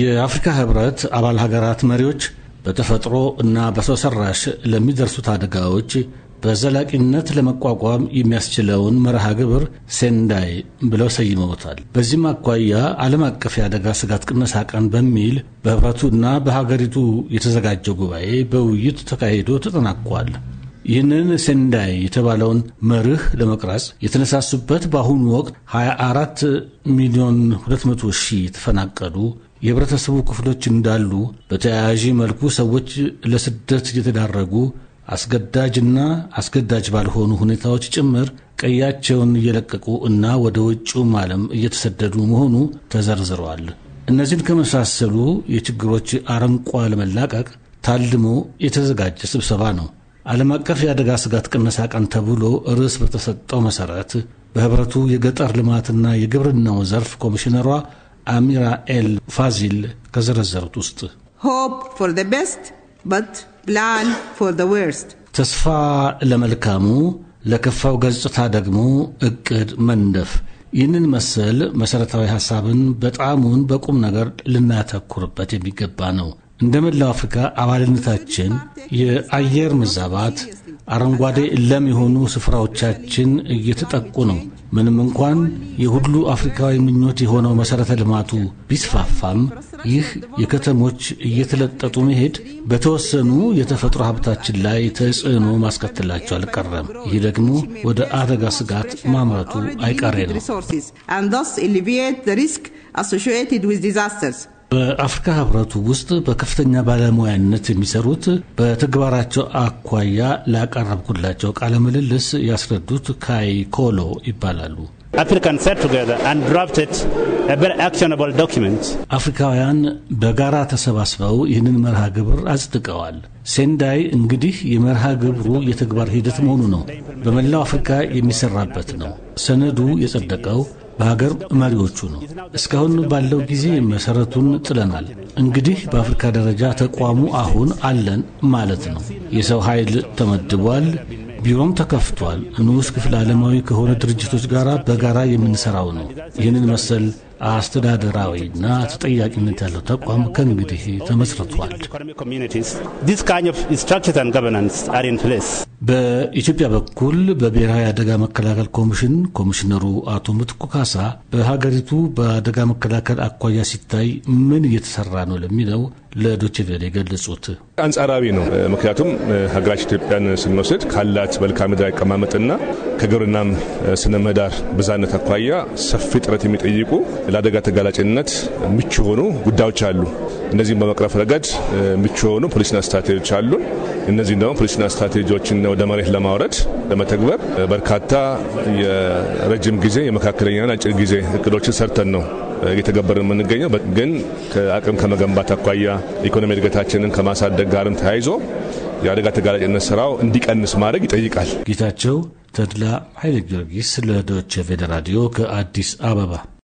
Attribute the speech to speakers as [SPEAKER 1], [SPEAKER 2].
[SPEAKER 1] የአፍሪካ ህብረት አባል ሀገራት መሪዎች በተፈጥሮ እና በሰው ሰራሽ ለሚደርሱት አደጋዎች በዘላቂነት ለመቋቋም የሚያስችለውን መርሃ ግብር ሴንዳይ ብለው ሰይመውታል። በዚህም አኳያ ዓለም አቀፍ የአደጋ ስጋት ቅነሳ ቀን በሚል በህብረቱና በሀገሪቱ የተዘጋጀው ጉባኤ በውይይት ተካሂዶ ተጠናቋል። ይህንን ሴንዳይ የተባለውን መርህ ለመቅረጽ የተነሳሱበት በአሁኑ ወቅት 24 ሚሊዮን 200 ሺህ የተፈናቀሉ የህብረተሰቡ ክፍሎች እንዳሉ በተያያዥ መልኩ ሰዎች ለስደት እየተዳረጉ አስገዳጅና አስገዳጅ ባልሆኑ ሁኔታዎች ጭምር ቀያቸውን እየለቀቁ እና ወደ ውጭውም ዓለም እየተሰደዱ መሆኑ ተዘርዝረዋል። እነዚህን ከመሳሰሉ የችግሮች አረንቋ ለመላቀቅ ታልሞ የተዘጋጀ ስብሰባ ነው። ዓለም አቀፍ የአደጋ ስጋት ቅነሳ ቀን ተብሎ ርዕስ በተሰጠው መሠረት በህብረቱ የገጠር ልማትና የግብርናው ዘርፍ ኮሚሽነሯ አሚራ ኤል ፋዚል ከዘረዘሩት ውስጥ ሆፕ ፎር ቤስት በት ፕላን ፎር ወርስት ተስፋ ለመልካሙ ለከፋው ገጽታ ደግሞ እቅድ መንደፍ ይህንን መሰል መሠረታዊ ሐሳብን በጣሙን በቁም ነገር ልናተኩርበት የሚገባ ነው። እንደ መላው አፍሪካ አባልነታችን የአየር መዛባት አረንጓዴ ለም የሆኑ ስፍራዎቻችን እየተጠቁ ነው። ምንም እንኳን የሁሉ አፍሪካዊ ምኞት የሆነው መሠረተ ልማቱ ቢስፋፋም ይህ የከተሞች እየተለጠጡ መሄድ በተወሰኑ የተፈጥሮ ሀብታችን ላይ ተጽዕኖ ማስከትላቸው አልቀረም። ይህ ደግሞ ወደ አደጋ ስጋት ማምረቱ አይቀሬ ነው። በአፍሪካ ህብረቱ ውስጥ በከፍተኛ ባለሙያነት የሚሰሩት በተግባራቸው አኳያ ላቀረብኩላቸው ቃለ ምልልስ ያስረዱት ካይኮሎ ይባላሉ። አፍሪካውያን በጋራ ተሰባስበው ይህንን መርሃ ግብር አጽድቀዋል። ሴንዳይ እንግዲህ የመርሃ ግብሩ የተግባር ሂደት መሆኑ ነው። በመላው አፍሪካ የሚሰራበት ነው። ሰነዱ የጸደቀው በሀገር መሪዎቹ ነው። እስካሁን ባለው ጊዜ መሰረቱን ጥለናል። እንግዲህ በአፍሪካ ደረጃ ተቋሙ አሁን አለን ማለት ነው። የሰው ኃይል ተመድቧል። ቢሮም ተከፍቷል። ንዑስ ክፍል ዓለማዊ ከሆነ ድርጅቶች ጋር በጋራ የምንሰራው ነው። ይህንን መሰል አስተዳደራዊና ተጠያቂነት ያለው ተቋም ከእንግዲህ ተመስርቷል። በኢትዮጵያ በኩል በብሔራዊ አደጋ መከላከል ኮሚሽን ኮሚሽነሩ
[SPEAKER 2] አቶ ምትኩ ካሳ
[SPEAKER 1] በሀገሪቱ በአደጋ መከላከል አኳያ ሲታይ ምን እየተሰራ ነው ለሚለው ለዶቼ ቬለ የገለጹት
[SPEAKER 2] አንጻራዊ ነው። ምክንያቱም ሀገራችን ኢትዮጵያን ስንወስድ ካላት መልክዓ ምድራዊ አቀማመጥና ከግብርናም ስነ ምህዳር ብዛነት አኳያ ሰፊ ጥረት የሚጠይቁ ለአደጋ ተጋላጭነት ምቹ የሆኑ ጉዳዮች አሉ። እነዚህም በመቅረፍ ረገድ ምቹ የሆኑ ፖሊሲና ስትራቴጂዎች አሉ። እነዚህም ደግሞ ፖሊሲና ስትራቴጂዎችን ወደ መሬት ለማውረድ ለመተግበር በርካታ የረጅም ጊዜ የመካከለኛና አጭር ጊዜ እቅዶችን ሰርተን ነው እየተገበር የምንገኘው። ግን አቅም ከመገንባት አኳያ ኢኮኖሚ እድገታችንን ከማሳደግ ጋርም ተያይዞ የአደጋ ተጋላጭነት ስራው እንዲቀንስ ማድረግ ይጠይቃል።
[SPEAKER 1] ጌታቸው ተድላ ኃይለ ጊዮርጊስ ለዶይቼ ቬለ ራዲዮ ከአዲስ አበባ